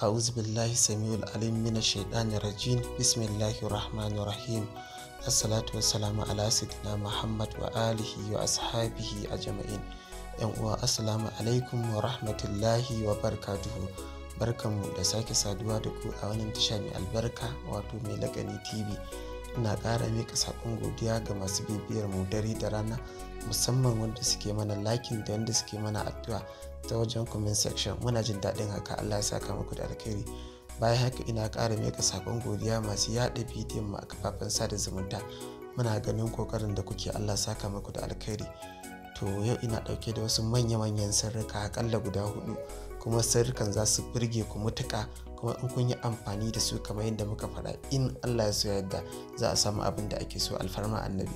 a'udhu billahi samiul alim mina shaidani rajin bismillahi rahman rahim assalatu wasalama ala sidina muhammad wa alihi wa ashabihi a jama'in yan uwa assalamu alaikum wa rahmatullahi wa barkatuhu barkanmu da sake saduwa da ku a wani mai albarka wato mai lagani tv ina ƙara miƙa saƙon godiya ga masu bibiyar mu dare da rana musamman wanda suke mana lakin da wanda suke mana addu'a ta wajen comment section muna jin daɗin haka Allah ya saka muku da alkhairi bayan haka ina ƙara miƙa saƙon godiya masu yaɗa bidiyon mu a kafafen sada zumunta muna ganin ƙoƙarin da kuke Allah ya saka muku da alkhairi to yau ina ɗauke da wasu manya-manyan sirrika aƙalla guda hudu kuma sirrikan za su birge ku mutuka kuma in kun yi amfani da su kamar yadda muka faɗa in Allah ya so yadda za a samu abin da ake so alfarma annabi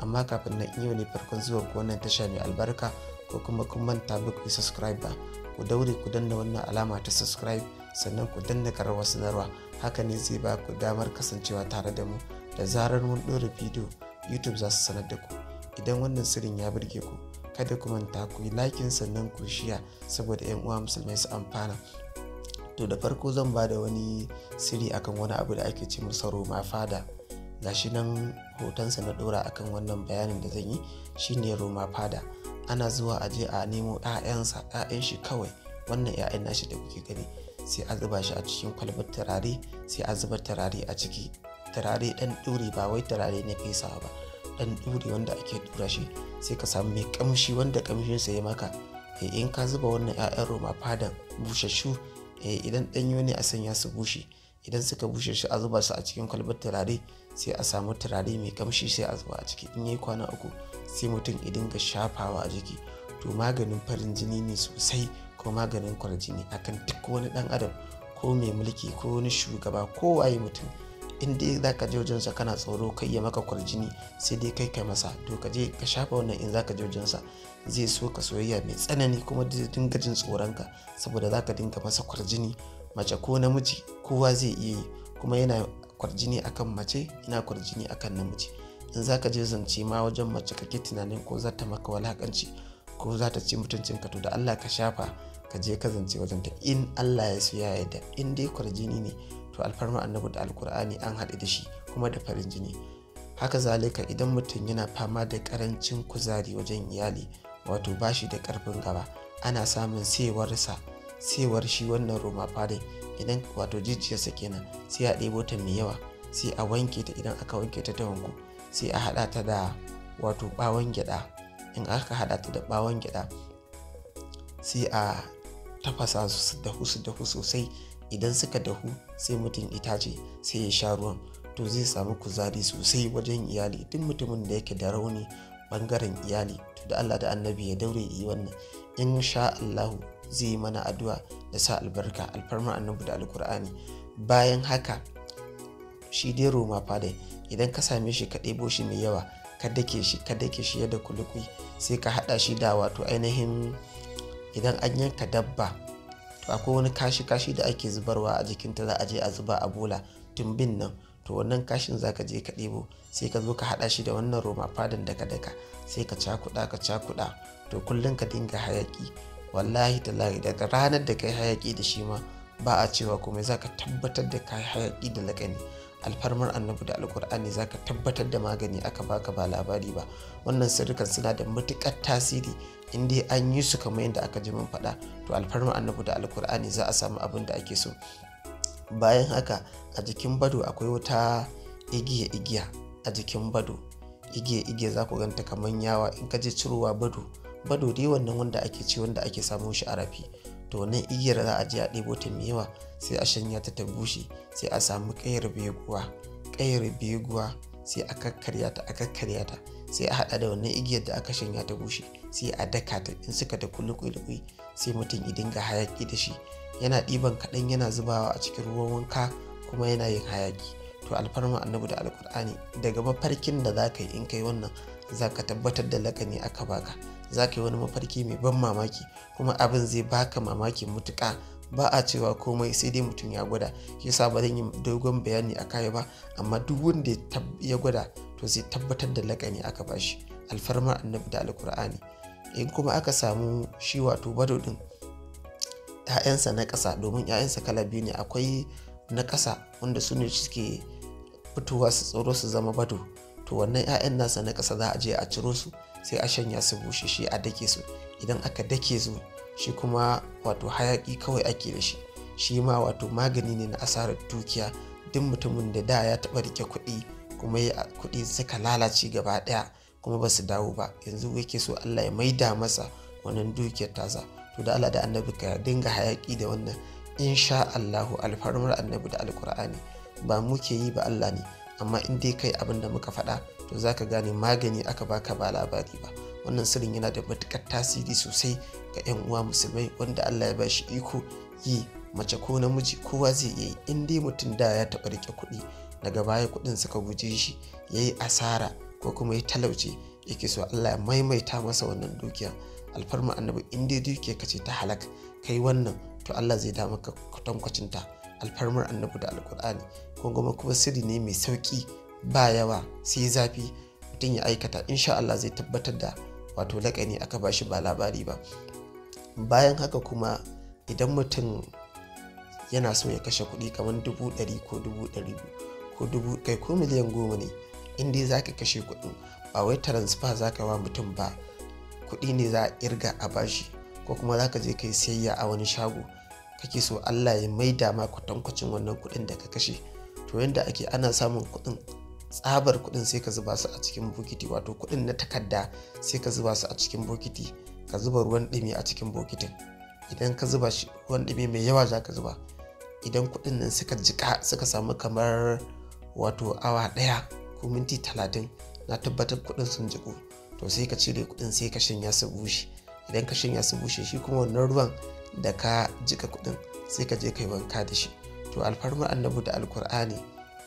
amma kafin nan yau ne farkon zuwa ko wannan tasha mai albarka ko kuma kun manta ba ku yi subscribe ba ku daure ku danna wannan alama ta subscribe sannan ku danna karar sanarwa haka ne zai ba ku damar kasancewa tare da mu da zarar mun ɗora bidiyo youtube za su sanar da ku idan wannan sirrin ya burge ku kada ku manta ku yi lakin sannan ku shiya saboda 'yan uwa musulmai su amfana to da farko zan ba da wani siri akan wani abu da ake ce musa roma fada gashi nan hotonsa na dora akan wannan bayanin da zan yi shine roma fada ana zuwa a je a nemo 'ya'yansa 'ya'yan shi kawai wannan 'ya'yan nashi da kuke gani sai a zuba shi a cikin kwalbar turare sai a zuba turare a ciki turare dan dure ba wai turare na fesawa ba dan dure wanda ake tura shi sai ka samu mai kamshi wanda kamshinsa ya maka eh, in ka zuba wannan 'ya'yan roma fadan bushashu eh idan ɗanyo ne a sanya su bushe idan suka bushe shi a zuba su a cikin kwalbar turare sai a samu turare mai kamshi sai a zuba a ciki in yayi kwana uku sai mutum ya dinga shafawa a jiki to maganin farin jini ne sosai ko maganin kwarjini akan duk wani dan adam ko mai mulki ko wani shugaba ko waye mutum in dai za ka je wajensa kana tsoro kai ya maka kwarjini sai dai kai kai masa to ka je ka shafa wannan in za ka je wajensa zai so ka soyayya mai tsanani kuma zai dinga jin tsoronka saboda za ka dinga masa kwarjini mace ko namiji kowa zai iya yi kuma yana kwarjini akan mace yana kwarjini akan namiji in za ka je zance ma wajen mace ka ke tunanin ko za ta maka walakanci ko za ta ci mutuncinka to da Allah ka shafa ka je ka zance wajen ta in Allah ya so ya yarda in dai kwarjini ne to alfarma annabi da alkur'ani an haɗu da shi kuma da farin jini haka zalika idan mutum yana fama da karancin kuzari wajen iyali wato bashi da karfin gaba ana samun sewarsa sewar shi wannan roma fare idan wato jijiyarsa kenan sai a ɗebo ta mai yawa sai a wanke ta idan aka wanke ta ta wanko sai a haɗa ta da wato ɓawon gyaɗa in aka haɗa ta da ɓawon gyaɗa sai a tafasa su da husu da sosai idan suka dahu sai mutum itace sai ya sha ruwan to zai samu kuzari sosai wajen iyali duk mutumin da yake da rauni bangaren iyali to da Allah da annabi ya daure yi wannan in sha allahu zai mana addu'a da sa albarka alfarma annabi da alkur'ani bayan haka shi dai roma fadai idan ka same shi ka ɗebo shi mai yawa ka dake shi ka dake shi yadda kulikwi sai ka haɗa shi da wato ainihin idan an yanka dabba to akwai wani kashi kashi da ake zubarwa a jikinta za a je a zuba a bola tumbin nan to wannan kashin za ka je ka ɗebo sai ka zo ka haɗa shi da wannan roma fadin daga daka sai ka cakuɗa ka cakuɗa to kullum ka dinga hayaki wallahi da tallahi daga ranar da kai hayaki da shi ma ba a cewa komai za ka tabbatar da kai hayaki da laƙani alfarmar annabi da alkur'ani zaka tabbatar da magani aka baka ba labari ba wannan sirrikan suna da matukar tasiri in dai an yi su kamar yadda aka ji mun faɗa to alfarmar annabi da alkur'ani za a samu abin da ake so bayan haka a jikin bado akwai wata igiya igiya a jikin bado igiya igiya za ku ganta kamar yawa in ka je cirowa bado bado dai wannan wanda ake ci wanda ake samun shi a rafi to wannan igiyar za a je a ɗebo ta mai yawa sai a shanya ta ta bushe sai a samu ƙayar beguwa ƙayar beguwa sai a kakkarya ta a kakkarya ta sai a haɗa da wannan igiyar da aka shanya ta bushe sai a daka ta in suka ta kulukui da sai mutum ya dinga hayaki da shi yana ɗiban kaɗan yana zubawa a cikin ruwan wanka kuma yana yin hayaki to alfarma annabi da alkur'ani daga mafarkin da za ka yi in kai wannan za ka tabbatar da lakani aka baka za ka yi wani mafarki mai ban mamaki kuma abin zai baka mamaki mutuka ba a cewa komai sai dai mutum ya gwada shi sa ba zan yi dogon bayani a kai ba amma duk wanda ya gwada to zai tabbatar da lakani aka bashi alfarmar annabi da alkur'ani in kuma aka samu shi wato bado din ‘ya'yansa na ƙasa domin ‘ya'yansa kala biyu ne akwai na ƙasa wanda su ne suke fitowa su tsoro su zama bado to wannan ‘ya'yan nasa na ƙasa za a je a ciro su sai a shanya su bushe shi a dake su idan aka dake su shi kuma wato hayaki kawai ake da shi shi ma wato magani ne na asarar dukiya duk mutumin da da ya taba rike kuɗi kuma ya kuɗi suka lalace gaba ɗaya kuma ba su dawo ba yanzu yake so Allah ya maida masa wannan dukiyar tasa to da Allah da annabi ka dinga hayaki da wannan insha Allahu alfarmar annabi da alkur'ani ba muke yi ba Allah ne amma in dai kai abin da muka faɗa to za ka gane magani aka baka ba labari ba wannan sirrin yana da matukar tasiri sosai ga 'yan uwa musulmai wanda allah ya ba shi iko yi mace ko namiji kowa zai yi in dai mutum da ya taɓa rike kuɗi daga baya kuɗin suka guje shi ya yi asara ko kuma ya talauce yake so allah ya maimaita masa wannan dukiya alfarma annabi in dai dukiya ka ce ta halak kai wannan to allah zai da maka kwatankwacinta alfarmar annabi da alkur'ani kuma kuma sirri ne mai sauki ba yawa sai zafi mutum ya aikata insha Allah zai tabbatar da wato lakani aka ba shi ba labari ba bayan haka kuma idan mutum yana so ya kashe kuɗi kamar dubu ɗari ko dubu ɗari ko dubu kai ko miliyan goma ne in za ka kashe kuɗin ba wai transfer za ka wa mutum ba kuɗi ne za a irga a bashi ko kuma za ka je kai sayayya a wani shago kake so Allah ya maida ma kwatankwacin wannan kuɗin da ka kashe to yadda ake ana samun kuɗin tsabar kuɗin sai ka zuba su a cikin bokiti wato kuɗin na takarda sai ka zuba su a cikin bokiti ka zuba ruwan ɗumi a cikin bokitin idan ka zuba ruwan ɗumi mai yawa za ka zuba idan kuɗin nan suka jika suka samu kamar wato awa ɗaya ko minti talatin na tabbatar kuɗin sun jiku to sai ka cire kuɗin sai ka shanya su bushe idan ka shanya su bushe shi kuma wannan ruwan da ka jika kuɗin sai ka je kai wanka da shi to alfarma annabu da alkur'ani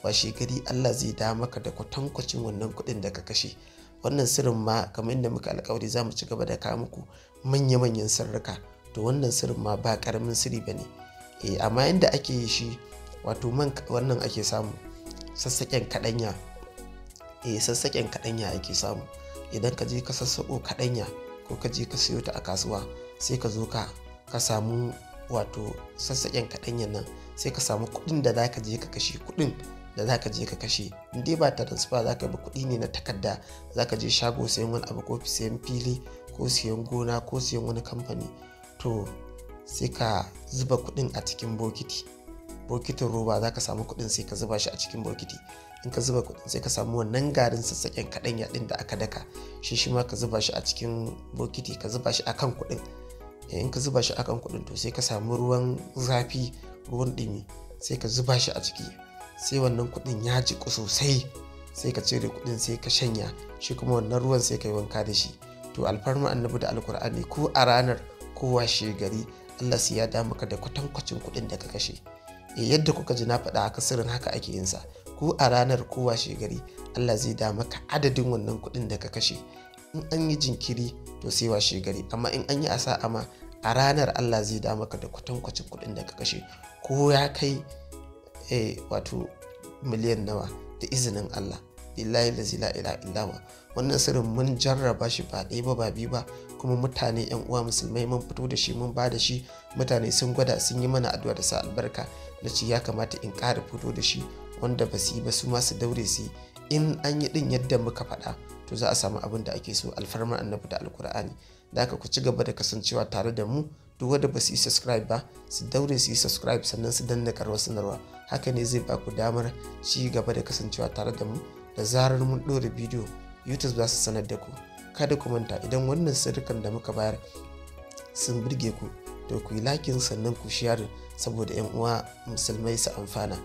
shi gari Allah zai da maka da kwatankwacin wannan kuɗin da ka kashe wannan sirrin ma kamar inda muka alkawari za mu ci gaba da kawo muku manya-manyan sirrika to wannan sirrin ma ba karamin sirri ba ne eh, amma inda ake yi shi wato man wannan ake samu sassaƙen kaɗanya eh sassaƙen kaɗanya ake samu idan ka je ka sassaƙo kaɗanya ko ka je ka sayo ta a kasuwa sai ka zo ka ka samu wato sassaƙen kaɗanya nan sai ka samu kuɗin da za ka je ka kashe kuɗin da zaka je ka kashe in dai ba transfer ka bi kuɗi ne na takarda ka je shago sayan wani abu ko sayan fili ko sayan gona ko sayan wani kamfani to sai ka zuba kuɗin a cikin bokiti bokitin roba za ka samu kuɗin sai ka zuba shi a cikin bokiti in ka zuba kuɗin sai ka samu wannan garin sassaƙen kaɗan yaɗin da aka daka shi shi ma ka zuba shi a cikin bokiti ka zuba shi akan kuɗin eh, in ka zuba shi akan kuɗin to sai ka samu ruwan zafi ruwan ɗumi sai ka zuba shi a ciki sai wannan kuɗin ya jiku sosai sai ka cire kuɗin sai ka shanya shi kuma wannan ruwan sai ka yi wanka da shi to alfarma annabi da alkur'ani ko a ranar ko washe gari Allah sai ya damu ka da kwatankwacin kuɗin da ka kashe e yadda kuka ji na faɗa haka sirrin haka ake yin sa ko a ranar ko washe gari Allah zai da maka adadin wannan kuɗin da ka kashe in an yi jinkiri to sai washe gari amma in an yi asa ma a ranar Allah zai da maka da kwatankwacin kuɗin da ka kashe ko ya kai eh, wato miliyan nawa da izinin Allah lillahi lazi la ila illa wannan sirrin mun jarraba shi ba ɗaya ba ba biyu ba kuma mutane yan uwa musulmai mun fito da shi mun ba da shi mutane sun gwada sun yi mana addu'a da sa albarka na ce ya kamata in ƙara fito da shi wanda ba su yi ba su ma su daure su in an yi ɗin yadda muka faɗa to za a samu abin da ake so alfarmar annabi da alkur'ani da ku ci gaba da kasancewa tare da mu duk wanda ba su yi subscribe ba su daure su yi subscribe sannan su danna karwar sanarwa haka ne zai ba ku damar ci gaba da kasancewa tare da mu da zarar mun ɗora bidiyo youtube za su sanar da ku kada ku manta idan wannan sirrikan da muka bayar sun burge ku to ku yi lakin sannan ku share saboda yan uwa musulmai su amfana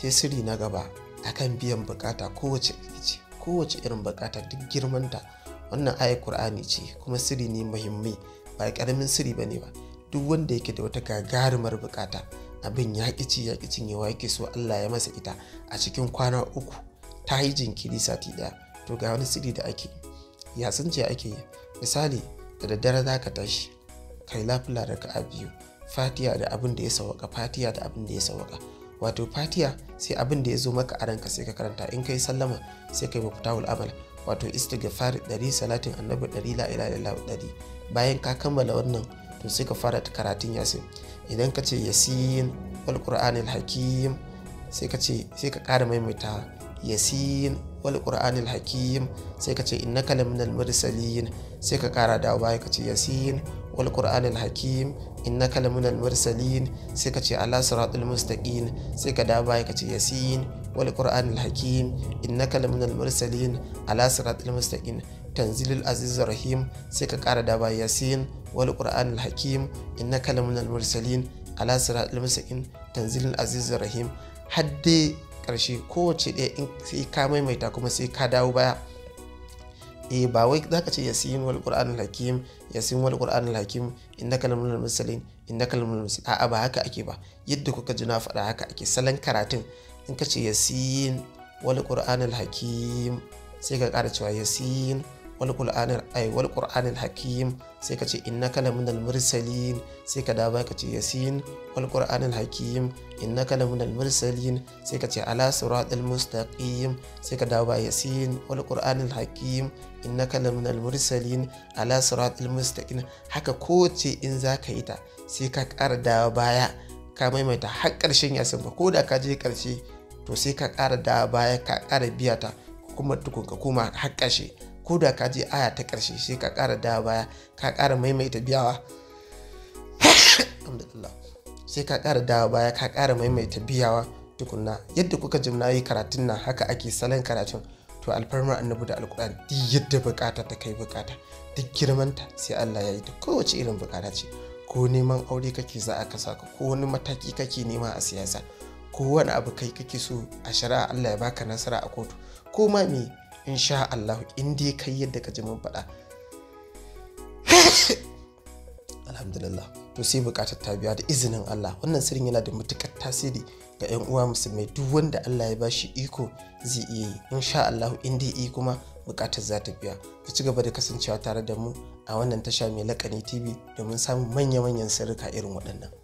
sai sirri na gaba akan biyan bukata kowace rikici kowace irin bukata duk girmanta wannan ayat qur'ani ce kuma sirri ne muhimmi ba karamin sirri bane ba duk wanda yake da wata gagarumar bukata abin ya ci ya cinyewa yake so Allah ya masa ita a cikin kwana uku ta yi jinkiri sati daya to ga wani siri da ake ya sun ce ake yi misali da daddare za ka tashi kai lafula da a biyu fatiya da abin da ya sawaka fatiya da abin da ya sawaka wato fatiya sai abin da ya zo maka a ranka sai ka karanta in kai sallama sai kai mafitahul amal wato istighfar 100 salatin annabi 100 la ilaha illallah 100 bayan ka kammala wannan to sai ka fara karatun yasin idan ka ce yasin wal qur'anil hakim sai ka ce sai ka ƙara maimaita yasin wal qur'anil hakim sai ka ce innaka laminal mursalin sai ka ƙara dawo baya ka ce yasin wal qur'anil hakim innaka laminal mursalin sai ka ce ala siratul mustaqim sai ka dawo baya ka ce yasin wal qur'anil hakim innaka laminal mursalin ala siratul mustaqim tanzilul aziz rahim sai ka kara da ba yasin wal al hakim kalamun al mursalin ala al mustaqim tanzilul aziz rahim hadde karshe kowace ɗaya in sai ka maimaita kuma sai ka dawo baya e ba wai zaka ce yasin wal al hakim yasin wal al hakim kalamun al mursalin kalamun al mursalin a'a ba haka ake ba yadda kuka ji na faɗa haka ake salon karatun in ka ce yasin wal al hakim sai ka kara cewa yasin wal qur'anil ay hakim sai ka ce innaka laminal mursalin sai ka dawo baya ka ce yasin wal qur'anil hakim innaka laminal mursalin sai ka ce ala siratal mustaqim sai ka dawo baya yasin wal qur'anil hakim innaka laminal mursalin ala siratal mustaqim haka ko ce in za ka yi ta sai ka ƙara dawo baya ka maimaita har ƙarshen yasin ba ko da ka je ƙarshe to sai ka ƙara dawo baya ka ƙara biya ta kuma tukun ka koma har ƙarshe ko da ka je aya ta ƙarshe sai ka ƙara da baya ka ƙara maimaita biyawa alhamdulillah sai ka ƙara dawa baya ka ƙara maimaita biyawa tukunna yadda kuka ji na yi karatun nan haka ake salon karatun to alfarmar annabi da alkur'ani duk yadda bukata ta kai bukata duk girmanta sai Allah ya yi ta kowace irin bukata ce ko neman aure kake za a kasa ka ko wani mataki kake nema a siyasa ko wani abu kai kake so a shari'a Allah ya baka nasara a kotu ko ma me insha Allah in dai kai yadda ka ji mun faɗa alhamdulillah to sai bukatar ta biya da izinin Allah wannan sirrin yana da matukar tasiri ga yan uwa musulmai duk wanda Allah ya bashi iko zai iya yi insha Allah in dai kuma bukatar za ta biya ku ci gaba da kasancewa tare da mu a wannan tasha mai lakani TV domin samun manya-manyan sirrika irin waɗannan